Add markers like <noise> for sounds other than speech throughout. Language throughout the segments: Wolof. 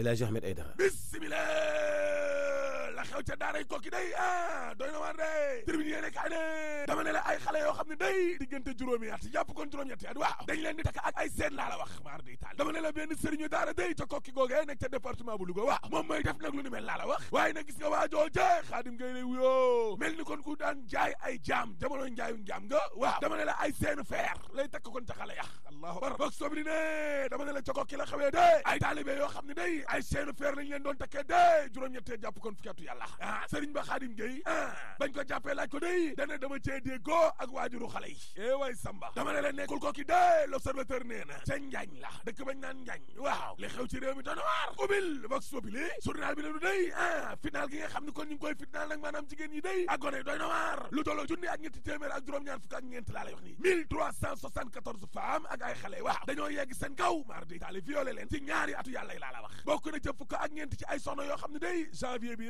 El Hadj Ahmed Aidara bismillah la xew ca daaray kokki day ah, doy na waar day terminé yéene kaay dama ne ay xale yoo xam ne day diggante juróomi at jàpp kon juróom-ñetti at waaw dañ leen di takk ak ay seen laa la wax maar day taal dama ne la benn sëriñu daara day ca kokki googee nekk ca département bu Louga waaw moom mooy def nag lu ni mel laa la wax waaye nag gis nga waajoo ja xaadim ngay lay mel ni kon ku daan jaay ay jaam jamono njaayu njaam nga waaw dama ne ay seen feer lay takk kon ca xale ya yàlla ah sëriñ ba xaadim gay ah bañ ko jàppee laaj ko day dana dama cee déggoo ak waajuru xale yi eh way samba dama ne leen nekkul kooki dee l'observateur nee na ca njaañ dëkk bañ naan njaañ waaw li xew ci réew mi doona waar ubil vox populi journal bi ne du day ah final gi nga xam ni kon ñu ngi koy final nag jigéen ñi day ak gone doy na waar lu tolloo junni ak ñetti téeméer ak ak ñeent laa lay wax ak ay xale waaw dañoo yegg seen kaw maar di taali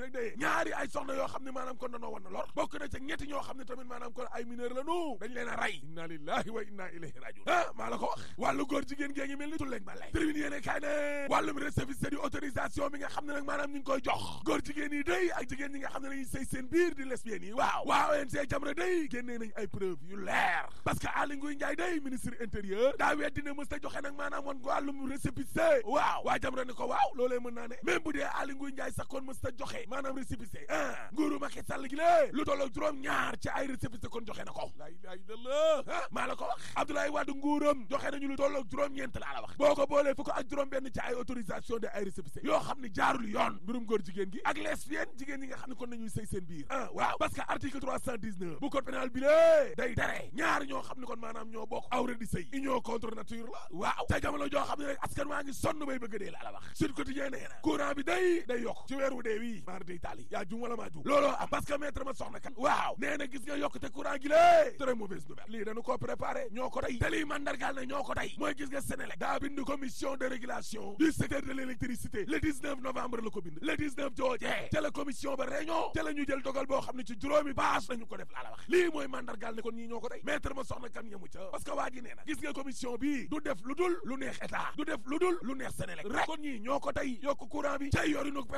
ak ay de ñaari ay soxna yoo xam ne maanaam kon danoo war na lor bokk na ca ñetti ñoo xam ne tamit maanaam kon ay mineur la dañ leen rey inna lillahi wa inna ilayhi rajiun ah maa la ko wax wàllu jigéen gée ngi mel ni tulleeg ma lay tribune yéene kaay ne wàllum récépissé di autorisation bi nga xam ne nag maanaam ñu koy jox góor jigéen yi day ak jigéen ñi nga xam ne nañu sëy seen biir di lesbiennes yi waaw waaw ONG Jamra day génnee nañ ay preuve yu leer parce ko waaw loolee mën naa ne même bu dee Aly Ngouille Ndiaye sax kon récépissé ah nguuru Macky Sall gi lée lu tolloog juróom ñaar ci ay récépissé kon joxe ko laa ilaaha illallaah ah ko wax Abdoulaye Wade nguuram joxe nañu lu tolloog juróom-ñeent laa la wax boo ko boolee fukk ak juróom benn ci ay autorisation de ay récépissé yoo xam jaarul yoon mbirum góor jigéen gi ak lesbienne jigéen yi nga xam kon nañuy sëy seen biir ah waaw parce que bu code pénal bi day tere ñaar ñoo xam kon maanaam ñoo bokk awra di sëy taal yaa jum wala maa jum looloo parce que maître ma soxna kan waaw nee gis nga yokkute courant gi lée très mauvaise nouvelle lii dañu ko préparé ñoo ko te lii mandargaal na ñoo ko tey mooy gis nga Sénélec daa bind commission de régulation du secteur de l'électricité le 19 novembre la ko bind le 19 joojee te la commission ba réunion te la ñu jël dogal boo xam ne ci juróomi bâche lañu ko def laala lii mooy mandargaal ne na kon ñii ñoo yokk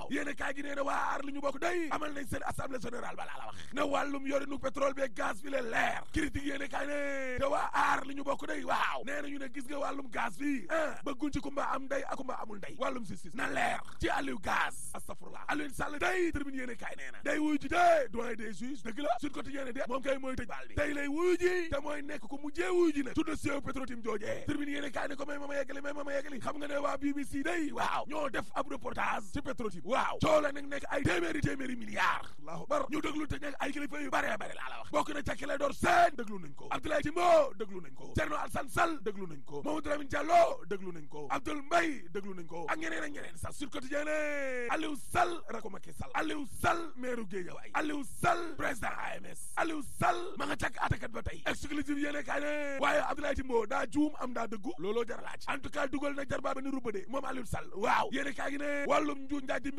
waaw yéen kaay gi nee na waa aar li ñu bokk day amal nañ seen assemblée générale balaa la na wàllum yorinu pétrole bi gaz bi le leer critique yéen kaay ne te waa aar ñu bokk day waaw nee nañu ne gis nga wàllum gaz bi ah bëgguñ kumba am day ak kumba amul nday wàllum justice na leer ci Aliou gaz astafurlah Aliou Sall day tribune yéen kaay nee na day wuyu ji dee doyen des juges dëgg la suñ côté de moom kay mooy tëj baal bi ji te waaw coow la nag nekk ay téeméeri téeméeri milliards allahu akbar ñu déglu te nekk ay kilifa yu bare bare la wax bokk na ca Clédor door Sène déglu nañ ko Abdoulaye Timbo déglu nañ ko Thierno Alassane Sall déglu nañ ko Mamadou Lamine Diallo déglu nañ ko Abdoul Mbaye déglu nañ ko ak ñeneen ak ñeneen a sur quotidien Aliou Sall rako Macky atakat ba tey exclusif yéene kaay ne waaye Abdoulaye Timbo daa juum am daa dëggu looloo jar laaj en tout dugal na jar baa ni rubba de moom Aliou Sall waaw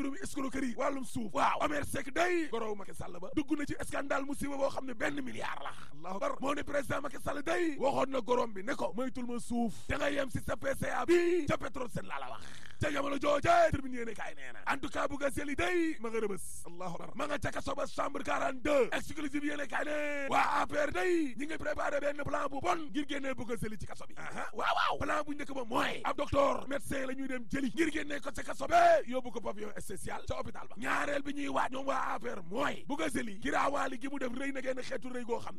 mbirum escroquerie wàllum suuf waaw Omer Seck day gorow Macky Sall ba dugg na ci scandale musiba boo xam ne benn milliard la allahu akbar moo ne président Macky Sall day waxoon na gorom bi ne ko moytul ma suuf da nga yem si sa PCA bi ca pétrole seen laa la wax ca jamono jooje tribune yéene kaay nee na en tout cas bu allahu akbar ma ca kaso chambre 42 exclusive yéene kaay ne waa APR day ñi ngi préparé benn plan bu bon ngir génnee bu ga ci kaso aha waaw waaw plan bu njëkk mooy ab docteur médecin la ñuy dem jëli ngir génnee ko ca kaso be yóbbu ca hôpital ba ñaareel bi ñuy waaj ñoom waa APR mooy bu ga seli giraawaali gi mu def rëy na genn xeetu rëy goo xam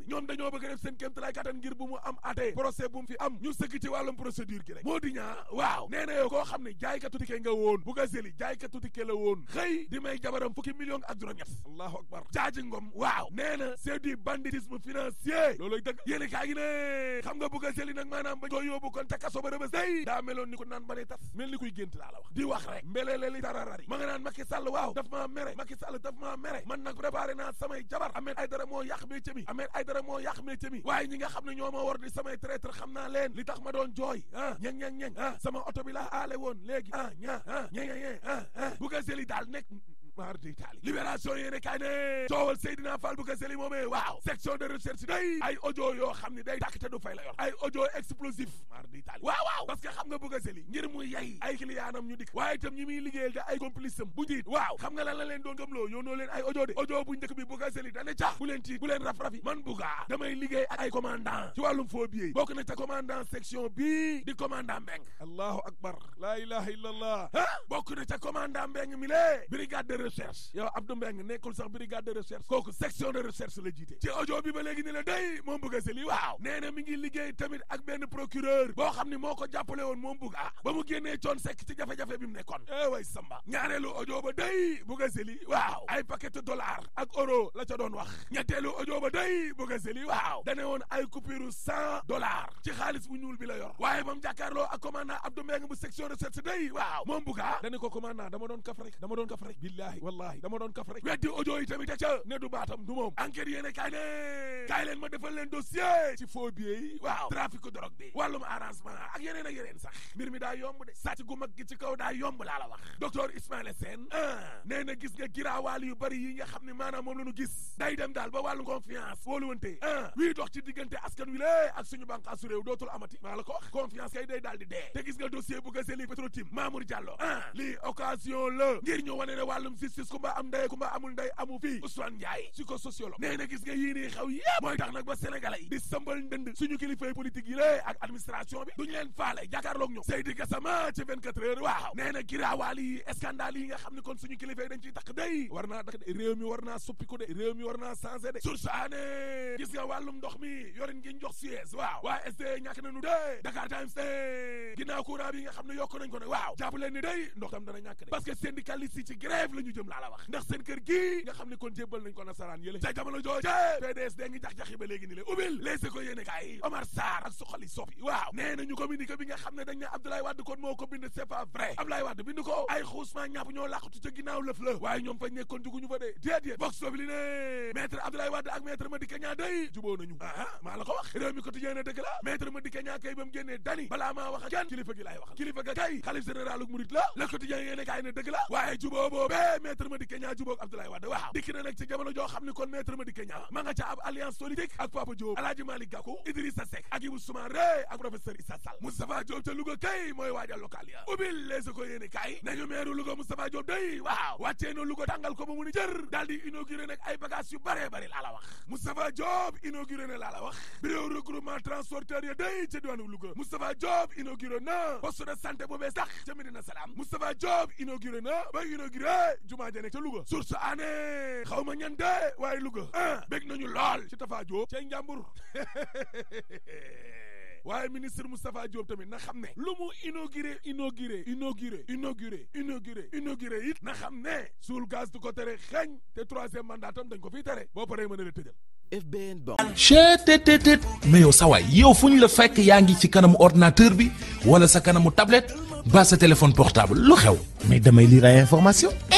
ne ñoom jaaykatu tikke nga woon Bougazelli jaaykatu tikke la woon xëy di may jabaram fukki million ak juróom allahu akbar jaaji waaw nee na c'est du banditisme financier looloy dëgg xam nga Bougazelli nag maanaam ba ko yóbbu kon kaso ba daa meloon ni ko naan ba ne tas mel ni kuy laa la wax di wax tararari ma nga naan Macky Sall waaw daf maa mere Macky Sall daf maa mere man nag préparé naa samay jabar Ahmed Aïdara moo yàq moo yàq métier mi waaye ñi xam ne ñoo ma war di samay traître xam naa ah ña ah ña ña ña ah ah Bougazelli daal nekk mar d' itali libération yéene ne Seydina Fall bu Kaseli moomee waaw section de recherche day ay audio yoo xam ne day tàkk du fay la yor ay audio explosif waaw waaw parce xam nga bu Kaseli ngir mu yay ay clientam ñu dikk waaye itam ñi muy liggéeyal da ay complice am bu njiit waaw xam nga lan la leen doon gëmloo yoonoo leen ay audio de audio bu njëkk bi bu Kaseli dane cax bu leen tiit bu leen raf-rafi man bugaa damay liggéey ak ay commandant ci wàllum foo biyey bokk na ca commandant la ilaha illallah ah bokk na ca commandant recherche yow Abdou Mbeng nekkul sax brigade de recherche kooku section de recherche la jiite ci audio bi ba léegi ni la day moom bugg a seli waaw nee na mi ngi liggéey tamit ak benn procureur boo xam ni moo ko jàppale woon moom bugg ah ba mu ci jafe-jafe bi mu nekkoon eh way samba ñaareelu audio day bugg a waaw ay paquet dollar ak euro la ca wax ñetteelu audio day bugg a waaw dane woon ay coupure cent dollars ci xaalis bu ñuul bi yor waaye ba mu billaahi wallaahi dama doon kaf rek weddi audio yi tamit ca ne du baatam du moom enquête yéene kaay ne ma defal leen dossier ci faux waaw trafic drogue bi wàllum arrangement ak yeneen ak yeneen sax mbir mi daa yomb de sàcc gu mag gi ci kaw daa yomb laa la wax docteur Ismaïla Sène a gis nga giraawaal yu bari yi nga xam ne maanaam moom la ñu gis day dem daal ba wàllu confiance wóoluwante a wii dox ci diggante askan wi lée ak suñu bànqaasu réew dootul amati maa la ko wax confiance justice ku ma am ndey ku ma amul ndey amu fii Ousmane Ndiaye psychosociologue gis nga yii xaw yëpp mooy tax nag ba sénégalais yi di sambal ndënd kilifay politique yi lée ak administration bi duñu leen faale jàkkaarloog ñoom Seydi Gassama ci 24 heures waaw nee na giraawaal yi scandale xam ne kon suñu kilifay dañ ciy takk day war dakk de réew mi war naa de réew mi war de source aane gis nga wàllum ndox mi yorin ngi jox Suez waaw waa SDE ñàkk nañu ñu jëm laa la wax ndax seen kër gii nga xam ne kon jébbal nañ ko nasaraan yële ca jamono jooje PDS dee ngi jax-jaxi ba léegi ni le ubil leese ko yéene kaay Omar Sarr ak suxali soppi waaw nee nañu communiqué bi nga xam ne dañ ne Abdoulaye Wade kon moo ko bind c'est pas vrai Abdoulaye Wade bind ko ay xuusmaa ñàpp ñoo làqatu ca ginnaaw lëf la waaye ñoom fa de déedéet vox sobi li ne maître Abdoulaye Wade ak maître Madické Niang ak kenn kilifa gi laay waxal kilifa ga kay xalif général maître Madické Niang jubóog Abdoulaye Wade waaw dikk na nag ci jamono joo xam ni kon maître Madické Niang ma nga ca ab alliance politique ak Papa Diop Alaaji Malick Gakou Idrissa Seck ak Ibou Soumaré ak professeur ya ko yéene kay nañu meeru Louga Moustapha Diop day waaw wàccee na Louga tàngal ko ba mu laa la wax Moustapha Diop inauguré na laa ya day ca diwaanu Louga Moustapha Diop inauguré na poste de na ba inauguré jumaa ja nekk ca Louga source année xaw ma ñan de waaye Louga ah bég nañu lool ci Tafa Diop cay njàmbur <laughs> waaye ministre Moustapha Diop tamit na xam ne lu mu inauguré inauguré inauguré inauguré inauguré inauguré it na xam ne suul gaz du ko tere xeeñ te troisième mandat tam dañ ko fiy tere boo paree mën a la tëjal FBN Bank. chtt mais yow sa waay yow fu ñu la fekk yaa ngi ci kanamu ordinateur bi wala sa kanamu tablette ba sa téléphone portable lu xew mais damay lire ay information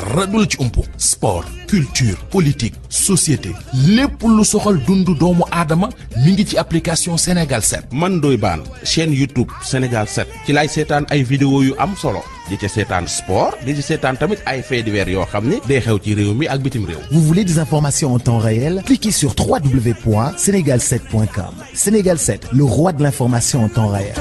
dara du la ci ump sport culture politique société lépp lu soxal dundu doomu aadama mi ngi ci application Sénégal 7. man doy baan chaîne YouTube Sénégal 7 ci laay seetaan ay vidéo yu am solo di ci seetaan sport di ci seetaan tamit ay faits divers yoo xam ni day xew ci réew mi ak bitim réew. vous voulez des informations en temps réel cliquez sur www.senegal7.com Sénégal 7 le roi de l'information en temps réel.